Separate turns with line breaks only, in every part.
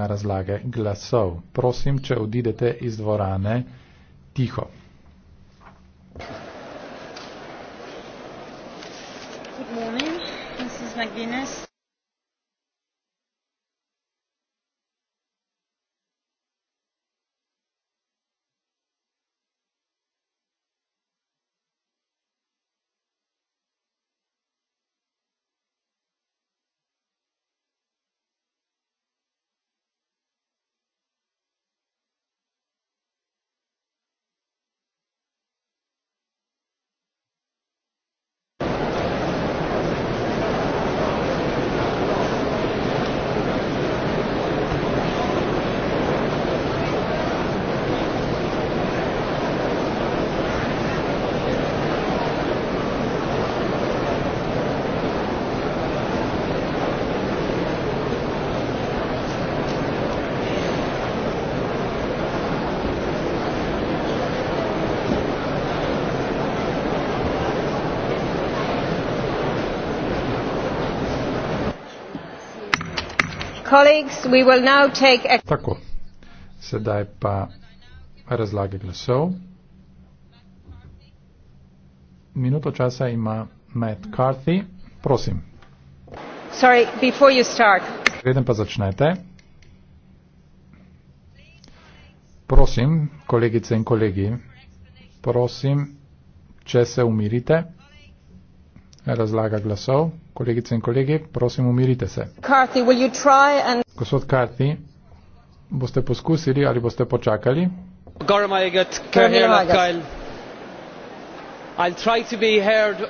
na razlage glasov. Prosim, če odidete iz dvorane tiho.
Good morning. This is
Tako, sedaj pa razlage glasov. Minuto časa ima Matt Carthy. Prosim. Preden pa začnete. Prosim, kolegice in kolegi, prosim, če se umirite razlaga glasov. Kolegice in kolegi, prosim, umirite se.
Carthy, and...
Gospod Karti, boste poskusili ali boste počakali?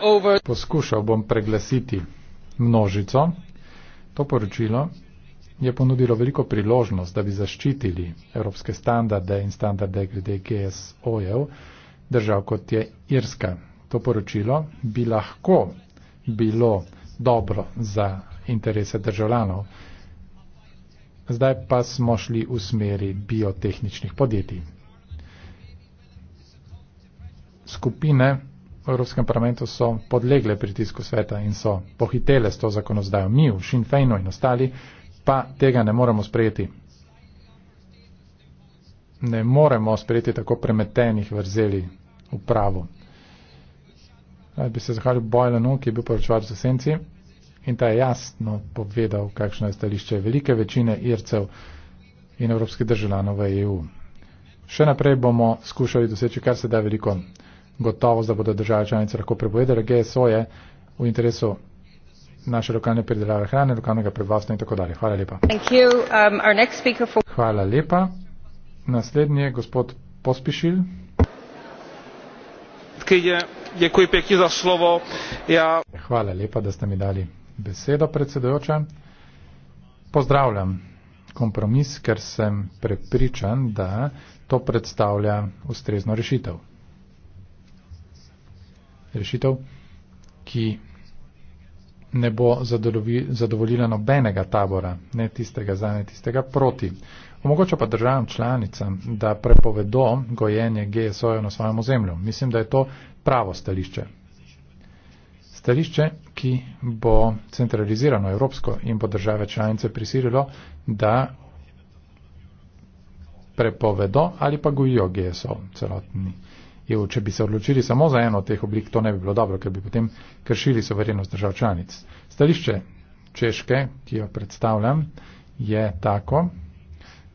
Over... Poskušal bom preglasiti množico. To poročilo je ponudilo veliko priložnost, da bi zaščitili evropske standarde in standarde glede GSO-jev držav kot je Irska. To poročilo bi lahko bilo dobro za interese državljanov. Zdaj pa smo šli v smeri biotehničnih podjetij. Skupine v Evropskem parlamentu so podlegle pritisku sveta in so pohitele s to zakonodajo. Mi v Sinn Feinu in ostali pa tega ne moremo sprejeti. Ne moremo sprejeti tako premetenih vrzeli v pravu ali bi se zahvalil Bojlenu, ki je bil poročevalec v senci in ta je jasno povedal, kakšno je stališče velike večine Ircev in evropskih državljanov v EU. Še naprej bomo skušali doseči kar se da veliko gotovost, da bodo države članice lahko prepovedale GSO-je v interesu naše lokalne pridelave hrane, lokalnega prebivalstva in tako dalje. Hvala lepa.
Um,
Hvala lepa. Naslednji je gospod Pospišil. Hvala lepa, da ste mi dali besedo, predsedujoča. Pozdravljam kompromis, ker sem prepričan, da to predstavlja ustrezno rešitev. Rešitev, ki ne bo zadovoljila nobenega tabora, ne tistega za, ne tistega proti omogoča pa državam članicam, da prepovedo gojenje GSO-ja na svojem ozemlju. Mislim, da je to pravo stališče. Stališče, ki bo centralizirano evropsko in bo države članice prisililo, da prepovedo ali pa gojijo GSO celotni. EU, če bi se odločili samo za eno od teh oblik, to ne bi bilo dobro, ker bi potem kršili soverenost držav članic. Stališče Češke, ki jo predstavljam, je tako,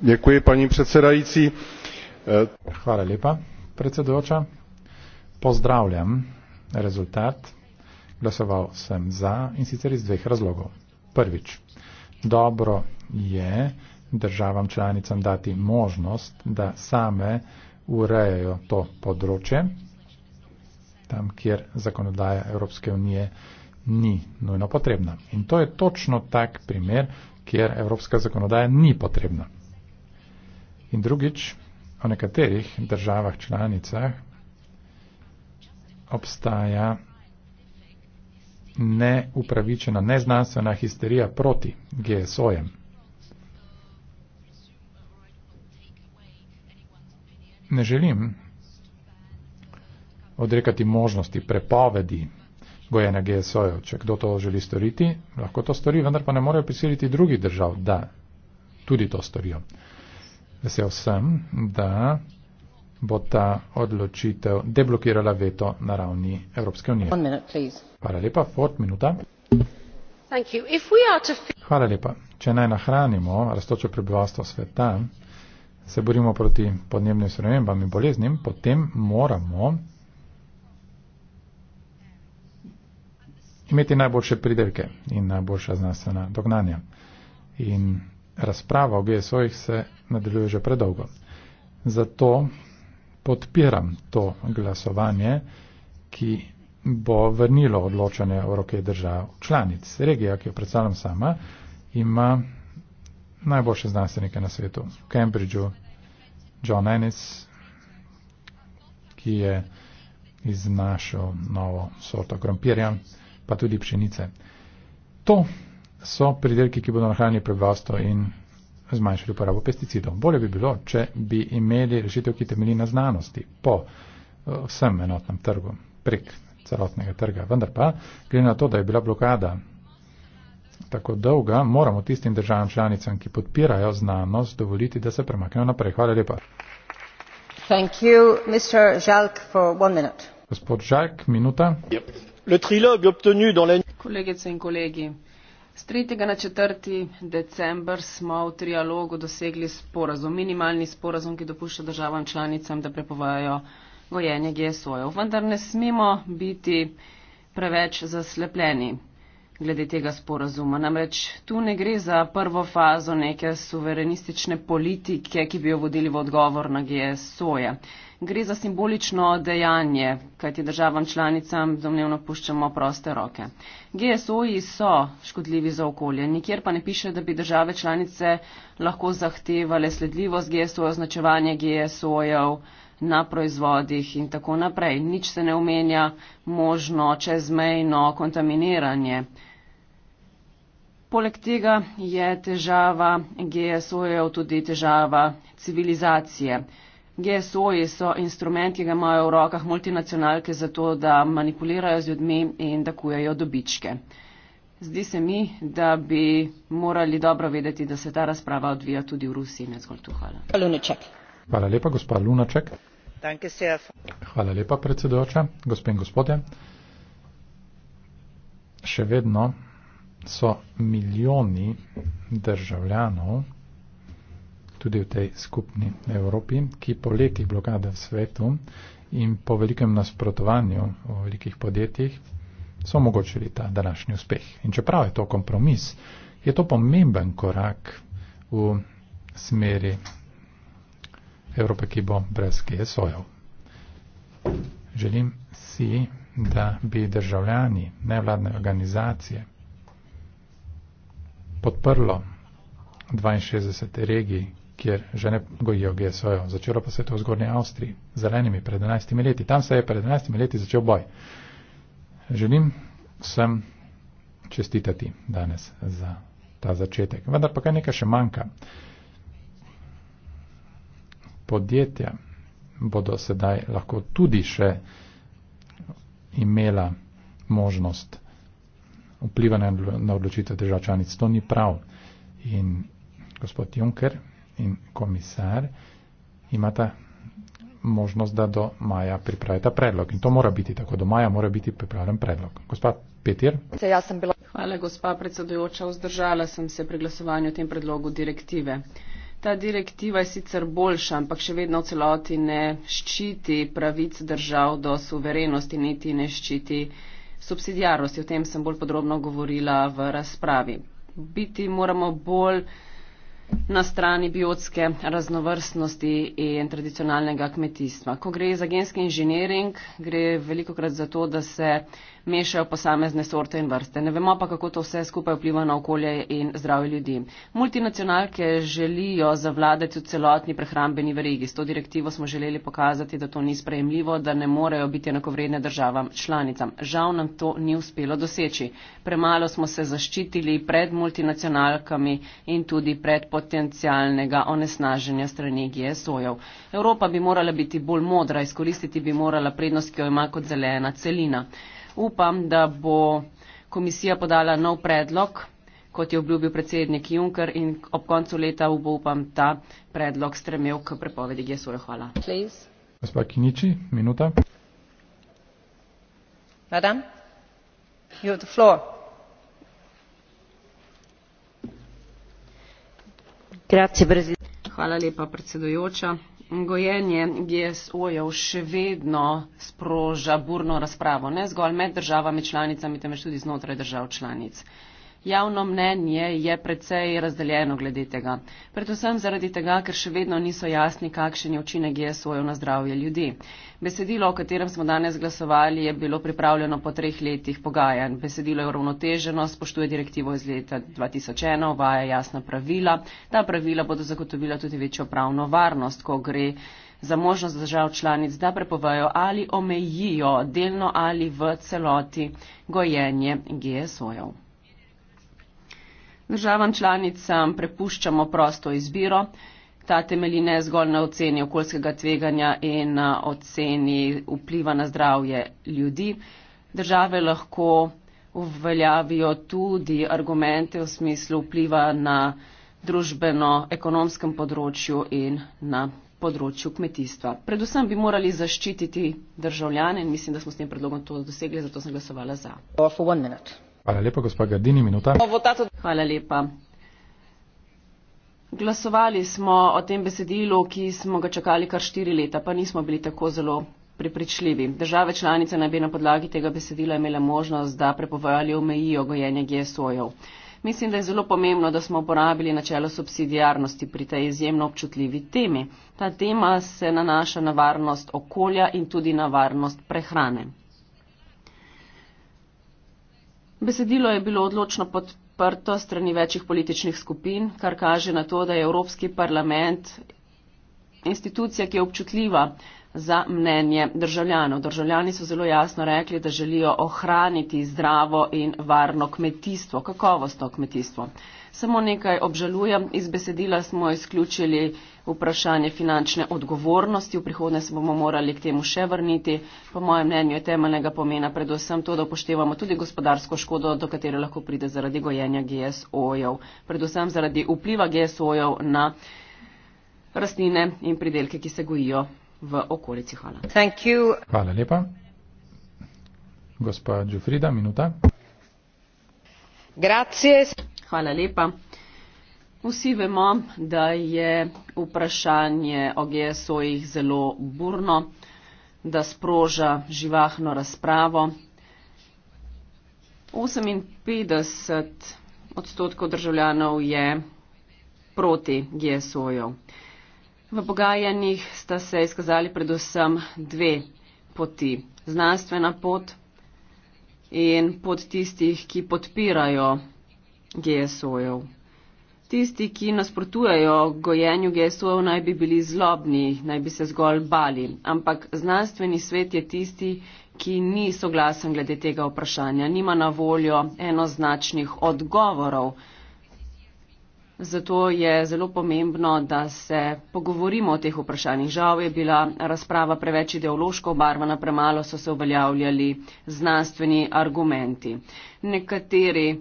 Děkuji, paní předsedající. Hvala lepa, predsedujoča. Pozdravljam rezultat. Glasoval sem za in sicer iz dveh razlogov. Prvič, dobro je državam članicam dati možnost, da same urejajo to področje, tam, kjer zakonodaja Evropske unije ni nujno potrebna. In to je točno tak primer, kjer evropska zakonodaja ni potrebna. In drugič, v nekaterih državah članicah obstaja neupravičena, neznanstvena histerija proti GSO-jem. Ne želim odrekati možnosti prepovedi gojene GSO-jev. Če kdo to želi storiti, lahko to stori, vendar pa ne morejo prisiliti drugih držav, da tudi to storijo. Vesel sem, da bo ta odločitev deblokirala veto na ravni Evropske unije. Hvala lepa, Ford, minuta. Hvala lepa. Če naj nahranimo raztočo prebivalstvo sveta, se borimo proti podnebnim spremembam in boleznim, potem moramo imeti najboljše pridelke in najboljša znanstvena dognanja. In razprava o GSO-jih se nadaljuje že predolgo. Zato podpiram to glasovanje, ki bo vrnilo odločanje v roke držav članic. Regija, ki jo predstavljam sama, ima najboljše znanstvenike na svetu. V Cambridgeu John Ennis, ki je iznašel novo sorto krompirja pa tudi pšenice. To so pridelki, ki bodo nahranili prebivalstvo in zmanjšali uporabo pesticidov. Bolje bi bilo, če bi imeli rešitev, ki temelji na znanosti, po eh, vsem enotnem trgu, prek celotnega trga. Vendar pa, glede na to, da je bila blokada tako dolga, moramo tistim državam članicam, ki podpirajo znanost, dovoliti, da se premaknejo naprej. Hvala lepa.
Thank you, Mr. Žalk, for one minute.
Gospod Žalk, minuta. Yep le trilogue obtenu dans
la Kolegice in kolegi, z 3. na 4. december smo v trialogu dosegli sporazum, minimalni sporazum, ki dopušča državam članicam, da prepovajo gojenje GSO-jev. Vendar ne smemo biti preveč zaslepljeni glede tega sporazuma. Namreč tu ne gre za prvo fazo neke suverenistične politike, ki bi jo vodili v odgovor na GSO-je. Gre za simbolično dejanje, kajti državam članicam domnevno puščamo proste roke. GSO-ji so škodljivi za okolje, nikjer pa ne piše, da bi države članice lahko zahtevale sledljivost GSO-ja, označevanje GSO-jev na proizvodih in tako naprej. Nič se ne omenja možno čezmejno kontaminiranje. Poleg tega je težava GSO-jev tudi težava civilizacije. GSO-ji so instrument, ki ga imajo v rokah multinacionalke za to, da manipulirajo z ljudmi in da kujajo dobičke. Zdi se mi, da bi morali dobro vedeti, da se ta razprava odvija tudi v Rusiji, ne zgolj tu. Hvala.
Hvala lepa, gospod Lunaček. Hvala lepa, predsedujoča, gospe in gospodje. Še vedno so milijoni državljanov, tudi v tej skupni Evropi, ki po letih blokade v svetu in po velikem nasprotovanju v velikih podjetjih so omogočili ta današnji uspeh. In čeprav je to kompromis, je to pomemben korak v smeri Evrope, ki bo brez GSO-jev. Želim si, da bi državljani, nevladne organizacije podprlo 62 regij, kjer že ne gojijo GSO-jev. Začelo pa se to v Zgornji Avstriji, zelenimi, pred 11 leti. Tam se je pred 11 leti začel boj. Želim vsem čestitati danes za ta začetek. Vendar pa kaj nekaj še manjka podjetja bodo sedaj lahko tudi še imela možnost vplivanja na odločitev držav članic. To ni prav. In gospod Juncker in komisar imata možnost, da do maja pripravita predlog. In to mora biti tako. Do maja mora biti pripravljen predlog. Gospa Petir.
Hvala, gospa predsedujoča. Vzdržala sem se pri glasovanju o tem predlogu direktive ta direktiva je sicer boljša, ampak še vedno v celoti ne ščiti pravic držav do suverenosti, niti ne ščiti subsidijarnosti. O tem sem bolj podrobno govorila v razpravi. Biti moramo bolj na strani biotske raznovrstnosti in tradicionalnega kmetijstva. Ko gre za genski inženiring, gre veliko krat za to, da se mešajo posamezne sorte in vrste. Ne vemo pa, kako to vse skupaj vpliva na okolje in zdravje ljudi. Multinacionalke želijo zavladati v celotni prehrambeni verigi. S to direktivo smo želeli pokazati, da to ni sprejemljivo, da ne morejo biti enakovredne državam članicam. Žal nam to ni uspelo doseči. Premalo smo se zaščitili pred multinacionalkami in tudi pred potencialnega onesnaženja strani GSO-jev. Evropa bi morala biti bolj modra, izkoristiti bi morala prednost, ki jo ima kot zelena celina. Upam, da bo komisija podala nov predlog, kot je obljubil predsednik Juncker in ob koncu leta bo upam ta predlog stremel k prepovedi GSO-ja. Hvala.
Gospa Kiniči, minuta.
Madam, you have the floor. Hvala lepa, predsedujoča. Gojenje GSO-jev še vedno sproža burno razpravo, ne zgolj med državami članicami, temveč tudi znotraj držav članic. Javno mnenje je precej razdeljeno glede tega. Predvsem zaradi tega, ker še vedno niso jasni, kakšen je učinek GSO-jev na zdravje ljudi. Besedilo, o katerem smo danes glasovali, je bilo pripravljeno po treh letih pogajanj. Besedilo je uravnoteženo, spoštuje direktivo iz leta 2001, uvaja jasna pravila. Ta pravila bodo zagotovila tudi večjo pravno varnost, ko gre za možnost držav članic, da prepovejo ali omejijo delno ali v celoti gojenje GSO-jev. Državam članicam prepuščamo prosto izbiro. Ta temelji ne zgolj na oceni okoljskega tveganja in na oceni vpliva na zdravje ljudi. Države lahko uveljavijo tudi argumente v smislu vpliva na družbeno-ekonomskem področju in na področju kmetijstva. Predvsem bi morali zaščititi državljane in mislim, da smo s tem predlogom to dosegli, zato sem glasovala za.
Hvala lepa, gospod Gardini, minuta.
Hvala lepa. Glasovali smo o tem besedilu, ki smo ga čakali kar štiri leta, pa nismo bili tako zelo prepričljivi. Države članice naj bi na podlagi tega besedila imele možnost, da prepovejo ali omejijo gojenje GSO-jev. Mislim, da je zelo pomembno, da smo uporabili načelo subsidijarnosti pri tej izjemno občutljivi temi. Ta tema se nanaša na varnost okolja in tudi na varnost prehrane. Besedilo je bilo odločno podprto odprto strani večjih političnih skupin, kar kaže na to, da je Evropski parlament institucija, ki je občutljiva za mnenje državljanov. Državljani so zelo jasno rekli, da želijo ohraniti zdravo in varno kmetijstvo, kakovostno kmetijstvo. Samo nekaj obžalujem, iz besedila smo izključili vprašanje finančne odgovornosti, v prihodnje se bomo morali k temu še vrniti. Po mojem mnenju je temeljnega pomena predvsem to, da upoštevamo tudi gospodarsko škodo, do katere lahko pride zaradi gojenja GSO-jev, predvsem zaradi vpliva GSO-jev na rastline in pridelke, ki se gojijo v okolici. Hvala.
Hvala lepa. Gospa Džufrida, minuta.
Grazie. Hvala lepa. Vsi vemo, da je vprašanje o GSO-jih zelo burno, da sproža živahno razpravo. 58 odstotkov državljanov je proti GSO-ju. V pogajanjih sta se izkazali predvsem dve poti. Znanstvena pot in pot tistih, ki podpirajo GSO-jev. Tisti, ki nasprotujejo gojenju GSO-jev, naj bi bili zlobni, naj bi se zgolj bali. Ampak znanstveni svet je tisti, ki ni soglasen glede tega vprašanja. Nima na voljo enoznačnih odgovorov. Zato je zelo pomembno, da se pogovorimo o teh vprašanjih. Žal je bila razprava preveč ideološko obarvana, premalo so se uveljavljali znanstveni argumenti. Nekateri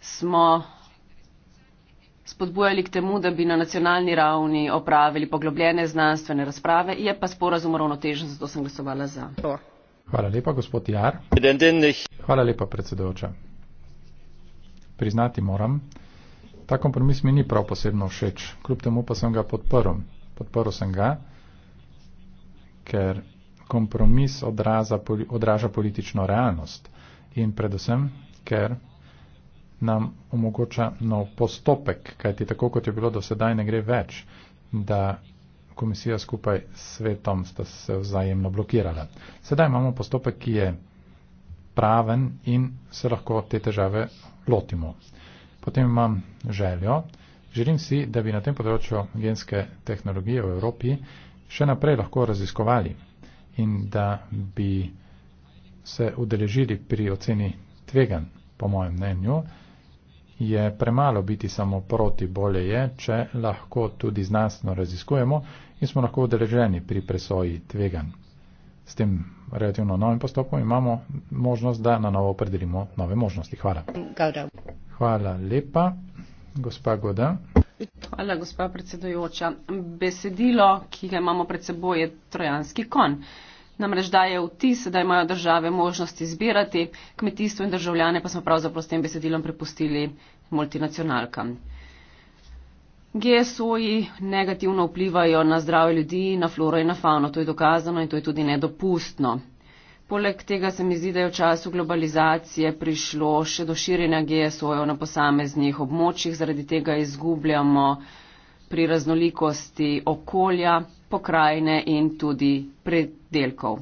smo spodbujali k temu, da bi na nacionalni ravni opravili poglobljene znanstvene razprave, je pa sporazum ravnotežen, zato sem glasovala za.
Hvala lepa, gospod Jar. Hvala lepa, predsedujoča priznati moram, ta kompromis mi ni prav posebno všeč, kljub temu pa sem ga podprl. Podprl sem ga, ker kompromis odraza, odraža politično realnost in predvsem, ker nam omogoča nov postopek, kajti tako kot je bilo do sedaj, ne gre več, da komisija skupaj s svetom sta se vzajemno blokirala. Sedaj imamo postopek, ki je praven in se lahko te težave lotimo. Potem imam željo. Želim si, da bi na tem področju genske tehnologije v Evropi še naprej lahko raziskovali in da bi se udeležili pri oceni tvegan, po mojem mnenju, je premalo biti samo proti, bolje je, če lahko tudi znanstveno raziskujemo in smo lahko udeleženi pri presoji tvegan s tem relativno novim postopkom imamo možnost, da na novo opredelimo nove možnosti. Hvala. Hvala lepa, gospa Goda.
Hvala, gospa predsedujoča. Besedilo, ki ga imamo pred seboj, je trojanski kon. Namreč daje vtis, da imajo države možnosti izbirati, kmetijstvo in državljane pa smo pravzaprav s tem besedilom prepustili multinacionalkam. GSO-ji negativno vplivajo na zdravje ljudi, na floro in na fauno. To je dokazano in to je tudi nedopustno. Poleg tega se mi zdi, da je v času globalizacije prišlo še do širjenja GSO-jev na posameznih območjih. Zaradi tega izgubljamo pri raznolikosti okolja, pokrajine in tudi predelkov.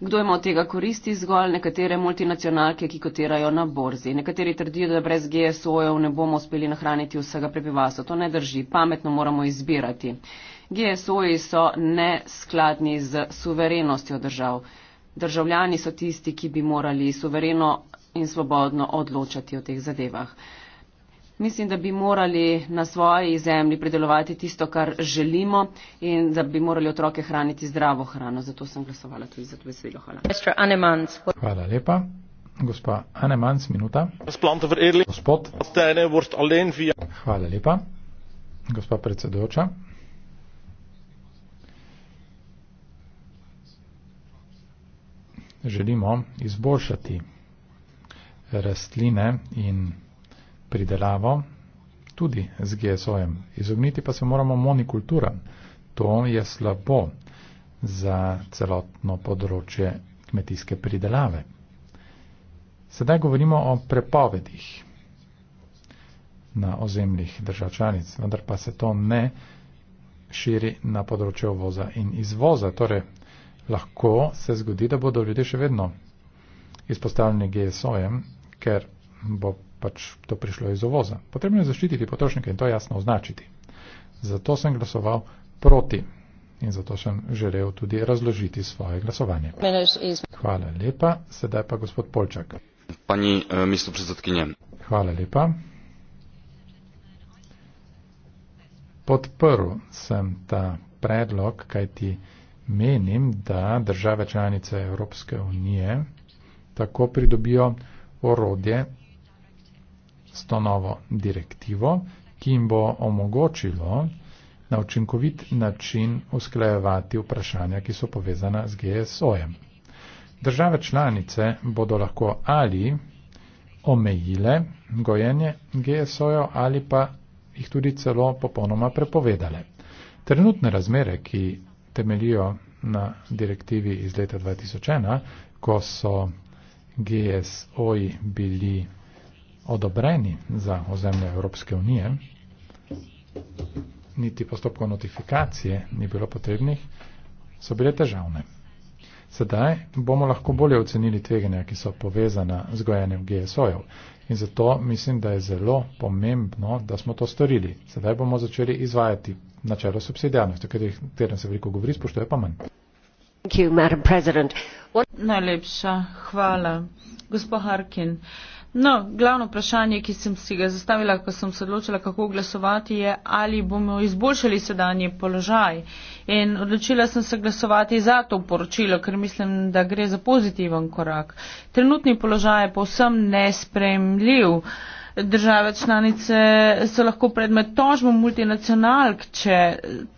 Kdo ima od tega koristi? Zgolj nekatere multinacionalke, ki kotirajo na borzi. Nekateri trdijo, da brez GSO-jev ne bomo uspeli nahraniti vsega prebivalstva. To ne drži. Pametno moramo izbirati. GSO-ji so neskladni z suverenostjo držav. Državljani so tisti, ki bi morali suvereno in svobodno odločati o teh zadevah. Mislim, da bi morali na svoji zemlji predelovati tisto, kar želimo in da bi morali otroke hraniti zdravo hrano. Zato sem glasovala tudi za to veselo. Hvala.
Hvala lepa. Gospa Anemans, minuta.
Gospod. Hvala
lepa. Gospa predsedujoča. Želimo izboljšati rastline in pridelavo, tudi z GSO-jem. Izogniti pa se moramo monikulturam. To je slabo za celotno področje kmetijske pridelave. Sedaj govorimo o prepovedih na ozemljih držav članic, vendar pa se to ne širi na področje uvoza in izvoza. Torej, lahko se zgodi, da bodo ljudje še vedno izpostavljeni GSO-jem, ker bo pač to prišlo iz ovoza. Potrebno je zaščititi potrošnike in to jasno označiti. Zato sem glasoval proti in zato sem želel tudi razložiti svoje glasovanje. Hvala lepa, sedaj pa gospod Polčak. Pani eh, mislo predsedkinje. Hvala lepa. Podprl sem ta predlog, kajti menim, da države članice Evropske unije tako pridobijo orodje s to novo direktivo, ki jim bo omogočilo na učinkovit način usklajevati vprašanja, ki so povezana z GSO-jem. Države članice bodo lahko ali omejile gojenje GSO-jo ali pa jih tudi celo popolnoma prepovedale. Trenutne razmere, ki temelijo na direktivi iz leta 2001, ko so GSO-ji bili odobreni za ozemlje Evropske unije, niti postopkov notifikacije ni bilo potrebnih, so bile težavne. Sedaj bomo lahko bolje ocenili tveganja, ki so povezana z gojenjem GSO-jev. In zato mislim, da je zelo pomembno, da smo to storili. Sedaj bomo začeli izvajati načelo subsidijarnosti, o katerem se veliko govori, spoštuje pa manj.
Najlepša hvala. Gospod Harkin. Uh, No, glavno vprašanje, ki sem si ga zastavila, ko sem se odločila, kako glasovati, je, ali bomo izboljšali sedanji položaj. In odločila sem se glasovati za to poročilo, ker mislim, da gre za pozitiven korak. Trenutni položaj je povsem nespremljiv. Države članice so lahko predmet tožbo multinacionalk, če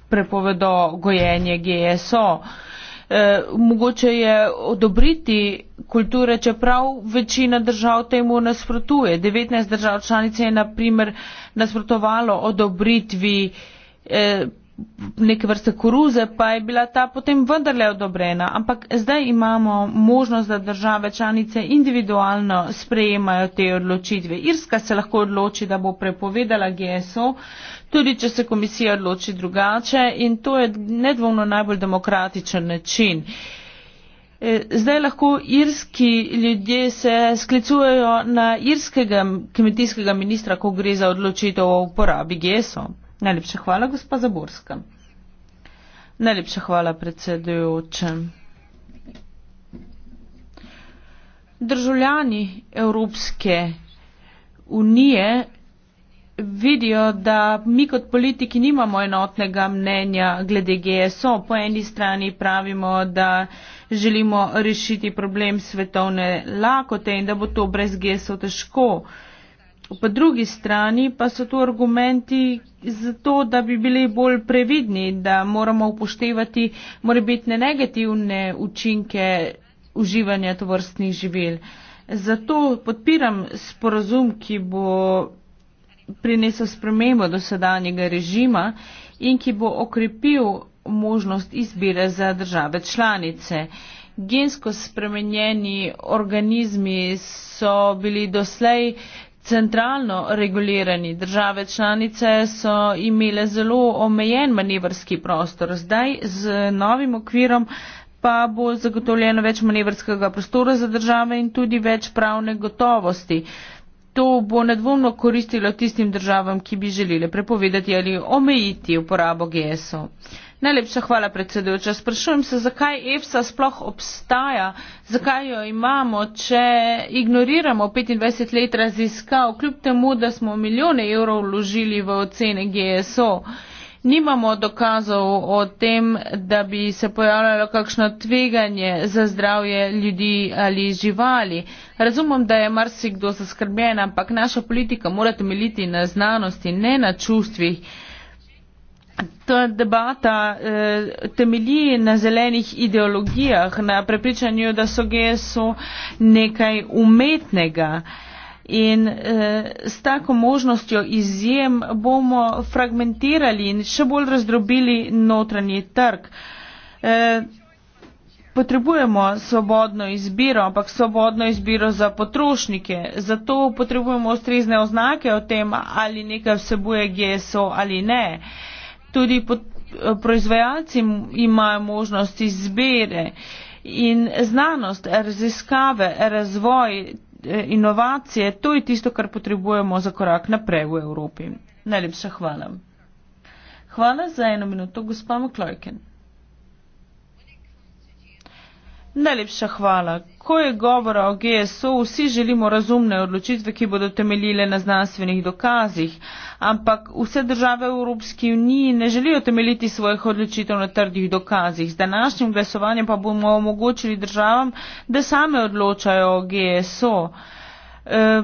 prepovedo gojenje GSO. E, eh, mogoče je odobriti kulture čeprav večina držav temu nasprotuje devetnajst držav članic je na primer nasprotovalo odobritvi eh, neke vrste koruze pa je bila ta potem vendarle odobrena ampak zdaj imamo možnost da države članice individualno sprejemajo te odločitve irska se lahko odloči da bo prepovedala gso tudi če se komisija odloči drugače in to je nedvomno najbolj demokratičen način uh, Eh, zdaj lahko irski ljudje se sklicujejo na irskega kmetijskega ministra, ko gre za odločitev o uporabi geso. Najlepša hvala, gospa Zaborska. Najlepša hvala, predsedujoče. Državljani Evropske unije vidijo, da mi kot politiki nimamo enotnega mnenja glede GSO. Po eni strani pravimo, da želimo rešiti problem svetovne lakote in da bo to brez gesov težko. Po drugi strani pa so tu argumenti za to, da bi bili bolj previdni, da moramo upoštevati morebitne negativne učinke uživanja tovrstnih živel. Zato podpiram sporazum, ki bo prinesel spremembo do sedanjega režima in ki bo okrepil možnost izbire za države članice. Gensko spremenjeni organizmi so bili doslej centralno regulirani. Države članice so imele zelo omejen manevrski prostor. Zdaj z novim okvirom pa bo zagotovljeno več manevrskega prostora za države in tudi več pravne gotovosti. To bo nedvomno koristilo tistim državam, ki bi želeli prepovedati ali omejiti uporabo GSO. Najlepša hvala, predsedujoča. Sprašujem se, zakaj EFSA sploh obstaja, zakaj jo imamo, če ignoriramo 25 let raziskav, kljub temu, da smo milijone evrov vložili v ocene GSO. Nimamo dokazov o tem, da bi se pojavljalo kakšno tveganje za zdravje ljudi ali živali. Razumem, da je marsikdo zaskrbljen, ampak naša politika mora temeljiti na znanosti, ne na čustvih. Ta debata eh, temelji na zelenih ideologijah, na prepričanju, da so GSO nekaj umetnega. In eh, s tako možnostjo izjem bomo fragmentirali in še bolj razdrobili notranji trg. Eh, potrebujemo svobodno izbiro, ampak svobodno izbiro za potrošnike. Zato potrebujemo ustrezne oznake o tem, ali nekaj vsebuje GSO ali ne. Eh, tudi pot, eh, proizvajalci imajo možnost izbere in znanost, raziskave, razvoj, eh, inovacije, to je tisto, kar potrebujemo za korak naprej v Evropi. Najlepša hvala. Hvala za eno minuto, gospa Mokloiken. Najlepša hvala ko je govora o GSO, vsi želimo razumne odločitve, ki bodo temeljile na znanstvenih dokazih, ampak vse države Evropske unije ne želijo temeljiti svojih odločitev na trdih dokazih. Z današnjim glasovanjem pa bomo omogočili državam, da same odločajo o GSO. E,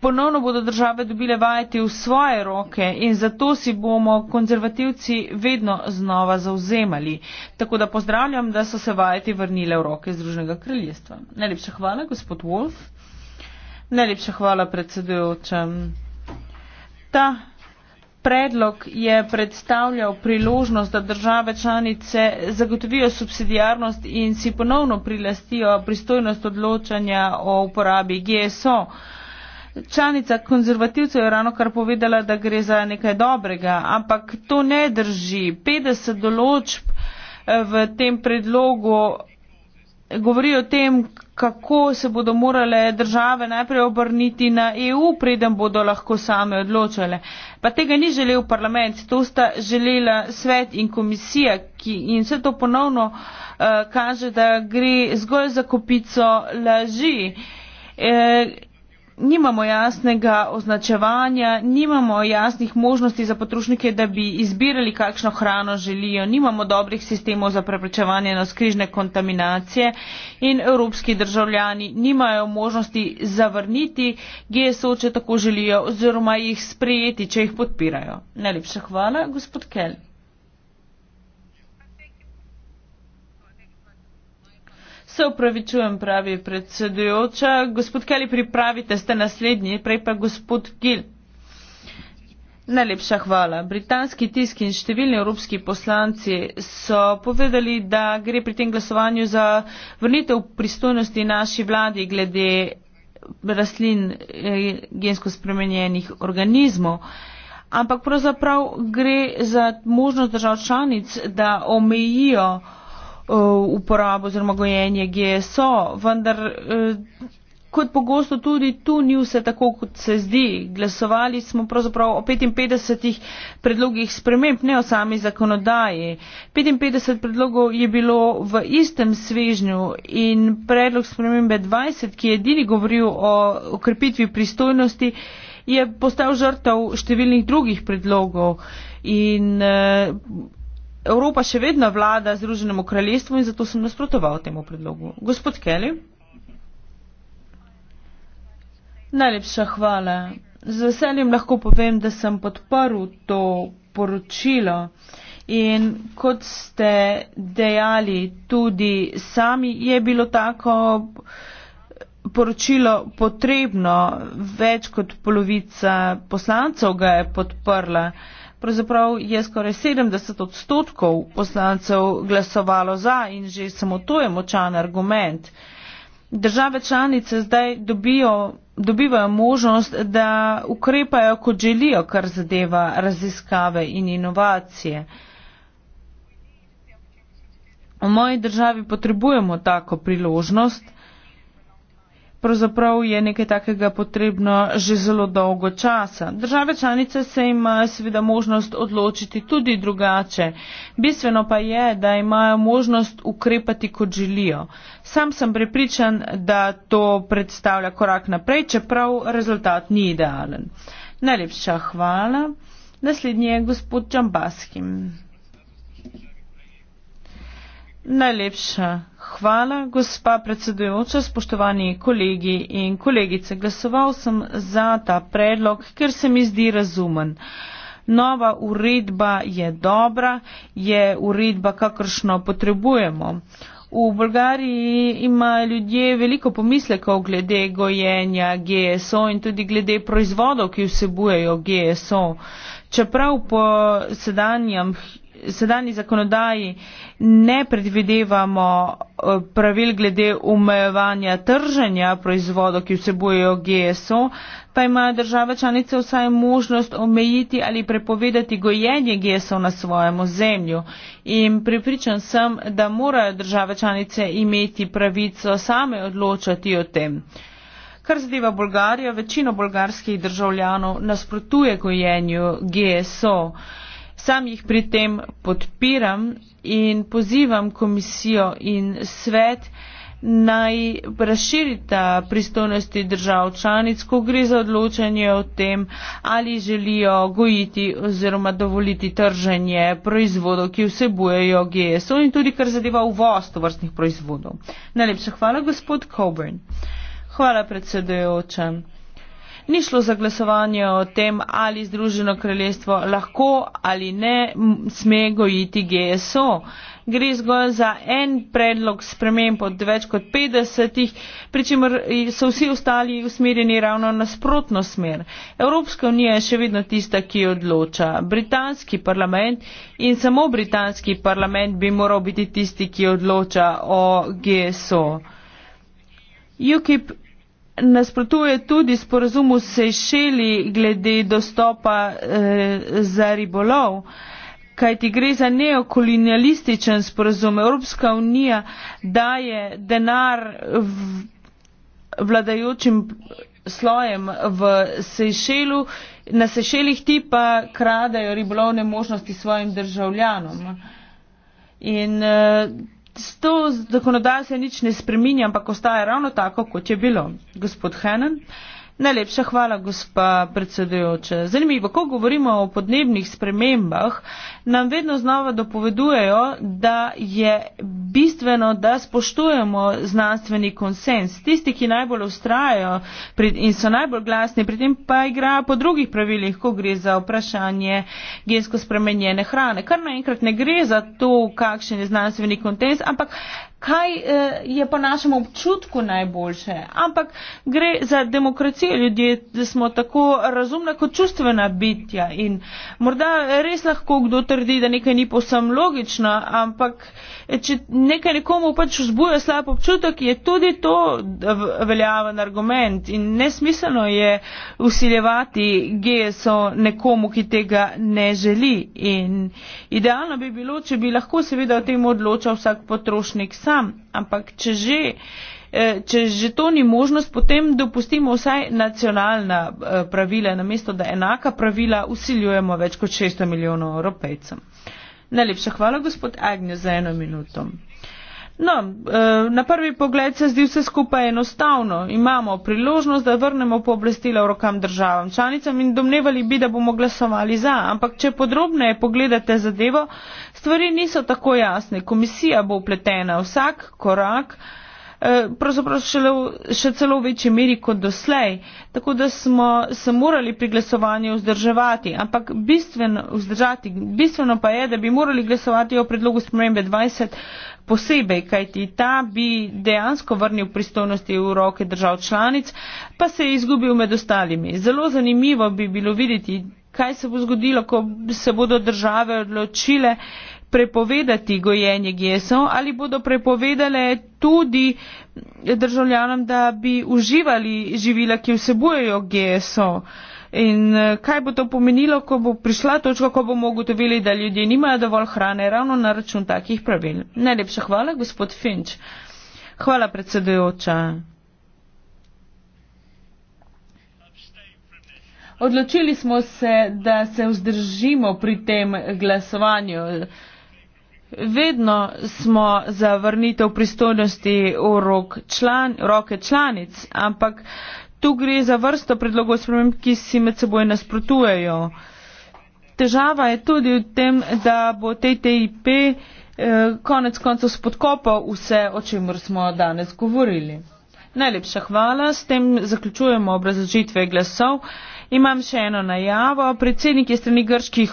Ponovno bodo države dobile vajeti v svoje roke in zato si bomo konzervativci vedno znova zauzemali. Tako da pozdravljam, da so se vajeti vrnile v roke Združenega kraljestva. Najlepša hvala, gospod Wolf. Najlepša hvala, predsedujoča. Ta predlog je predstavljal priložnost, da države članice zagotovijo subsidijarnost in si ponovno prilastijo pristojnost odločanja o uporabi GSO članica konzervativcev je ravno kar povedala, da gre za nekaj dobrega, ampak to ne drži. 50 določb eh, v tem predlogu govori o tem, kako se bodo morale države najprej obrniti na EU, preden bodo lahko same odločale. Pa tega ni želel parlament, to sta želela svet in komisija ki, in vse to ponovno uh, kaže, da gre zgolj za kopico laži. E, nimamo jasnega označevanja, nimamo jasnih možnosti za potrošnike, da bi izbirali, kakšno hrano želijo, nimamo dobrih sistemov za preprečevanje noskrižne kontaminacije in evropski državljani nimajo možnosti zavrniti GSO, če tako želijo, oziroma jih sprejeti, če jih podpirajo. Najlepša hvala, gospod Kelly. Se upravičujem, pravi predsedujoča. Gospod Kelly, pripravite ste naslednji, prej pa gospod Gil. Najlepša hvala. Britanski tisk in številni evropski poslanci so povedali, da gre pri tem glasovanju za vrnitev pristojnosti naši vladi glede rastlin eh, gensko spremenjenih organizmov. Ampak pravzaprav gre za možnost držav članic, da omejijo uh, Eh, uporabo oziroma gojenje GSO, vendar eh, kot pogosto tudi tu ni vse tako, kot se zdi. Glasovali smo pravzaprav o 55 predlogih sprememb, ne o sami zakonodaji. 55 predlogov je bilo v istem svežnju in predlog spremembe 20, ki je edini govoril o okrepitvi pristojnosti, je postal žrtev številnih drugih predlogov. In, eh, Evropa še vedno vlada Združenemu kraljestvu in zato sem nasprotoval temu predlogu. Gospod Kelly. Najlepša hvala. Z veseljem lahko povem, da sem podprl to poročilo in kot ste dejali tudi sami, je bilo tako poročilo potrebno. Več kot polovica poslancev ga je podprla pravzaprav je skoraj 70 odstotkov poslancev glasovalo za in že samo to je močan argument. Države članice zdaj dobijo, dobivajo možnost, da ukrepajo, kot želijo, kar zadeva raziskave in inovacije. V moji državi potrebujemo tako priložnost pravzaprav je nekaj takega potrebno že zelo dolgo časa. Države članice se imajo seveda možnost odločiti tudi drugače. Bistveno pa je, da imajo možnost ukrepati, kot želijo. Sam sem prepričan, da to predstavlja korak naprej, čeprav rezultat ni idealen. Najlepša hvala. Naslednji je gospod Džambaskim. Najlepša hvala, gospa predsedujoča, spoštovani kolegi in kolegice. Glasoval sem za ta predlog, ker se mi zdi razumen. Nova uredba je dobra, je uredba, kakršno potrebujemo. V Bolgariji imajo ljudje veliko pomislekov glede gojenja GSO in tudi glede proizvodov, ki vsebujejo GSO. Čeprav po sedanjem sedajni zakonodaji ne predvidevamo eh, pravil glede umejevanja trženja proizvodov, ki vsebujejo GSO, pa imajo države članice vsaj možnost omejiti ali prepovedati gojenje GSO na svojem ozemlju. In pripričan sem, da morajo države članice imeti pravico same odločati o tem. Kar zadeva Bolgarijo, večino bolgarskih državljanov nasprotuje gojenju GSO. Sam jih pri tem podpiram in pozivam komisijo in svet naj razširita pristojnosti držav članic, ko gre za odločanje o tem, ali želijo gojiti oziroma dovoliti trženje proizvodov, ki vsebujejo GSO in tudi kar zadeva uvoz tovrstnih proizvodov. Najlepša hvala, gospod Coburn. Hvala, predsedujoča ni šlo za glasovanje o tem, ali Združeno kraljestvo lahko ali ne sme gojiti GSO. Gre zgolj za en predlog sprememb od več kot 50, pričemer so vsi ostali usmerjeni ravno nasprotno smer. Evropska unija je še vedno tista, ki odloča. Britanski parlament in samo britanski parlament bi moral biti tisti, ki odloča o GSO. UKIP nasprotuje tudi sporozumu Sejšeli glede dostopa eh, za ribolov, kajti gre za neokolonialističen sporozum. Evropska unija daje denar vladajočim slojem v Sejšelu, na Sejšelih ti pa kradajo ribolovne možnosti svojim državljanom. In, eh, s to zakonodajo se nič ne spreminja, ampak ostaja ravno tako, kot je bilo. Gospod Henen, uh, Najlepša hvala, gospa predsedujoča. Zanimivo, ko govorimo o podnebnih spremembah, nam vedno znova dopovedujejo, da je bistveno, da spoštujemo znanstveni konsens. Tisti, ki najbolj ustrajajo in so najbolj glasni, pri tem pa igrajo po drugih pravilih, ko gre za vprašanje gensko spremenjene hrane. Kar naenkrat ne gre za to, kakšen je znanstveni konsens, ampak kaj eh, je po našem občutku najboljše. Ampak gre za demokracijo, ljudje smo tako razumna kot čustvena bitja in morda res lahko kdo trdi, da nekaj ni posem logično, ampak eh, če nekaj nekomu pač vzbuja slab občutek, je tudi to veljaven argument in nesmiselno je usiljevati GSO nekomu, ki tega ne želi. In idealno bi bilo, če bi lahko seveda o tem odločal vsak potrošnik sam sam, ampak če že, eh, če že to ni možnost, potem dopustimo vsaj nacionalna eh, pravila, namesto da enaka pravila usiljujemo več kot 600 milijonov evropejcem. Najlepša hvala, gospod Agnjo, za eno minuto. No, eh, na prvi pogled se zdi vse skupaj enostavno. Imamo priložnost, da vrnemo pooblastila v rokam državam članicam in domnevali bi, da bomo glasovali za. Ampak, če podrobneje pogledate zadevo, stvari niso tako jasne. Komisija bo upletena vsak korak. Eh, pravzaprav šele v še celo večji meri kot doslej, tako da smo se morali pri glasovanju vzdrževati, ampak bistveno, vzdržati, bistveno pa je, da bi morali glasovati o predlogu spremembe 20 posebej, kajti ta bi dejansko vrnil pristojnosti v roke držav članic, pa se je izgubil med ostalimi. Zelo zanimivo bi bilo videti, kaj se bo zgodilo, ko se bodo države odločile prepovedati gojenje gesov ali bodo prepovedale tudi državljanom, da bi uživali živila, ki vsebujejo geso. In eh, kaj bo to pomenilo, ko bo prišla točka, ko bomo ugotovili, da ljudje nimajo dovolj hrane ravno na račun takih pravil. Najlepša hvala, gospod Finč. Hvala, predsedujoča. Odločili smo se, da se vzdržimo pri tem glasovanju. Vedno smo za vrnitev pristojnosti v član, roke članic, ampak tu gre za vrsto predlogov sprememb, ki si med seboj nasprotujejo. Težava je tudi v tem, da bo TTIP eh, konec koncev spodkopal vse, o čemur smo danes govorili. Najlepša hvala, s tem zaključujemo obrazložitve glasov. Imam še eno najavo. Predsednik je strani grških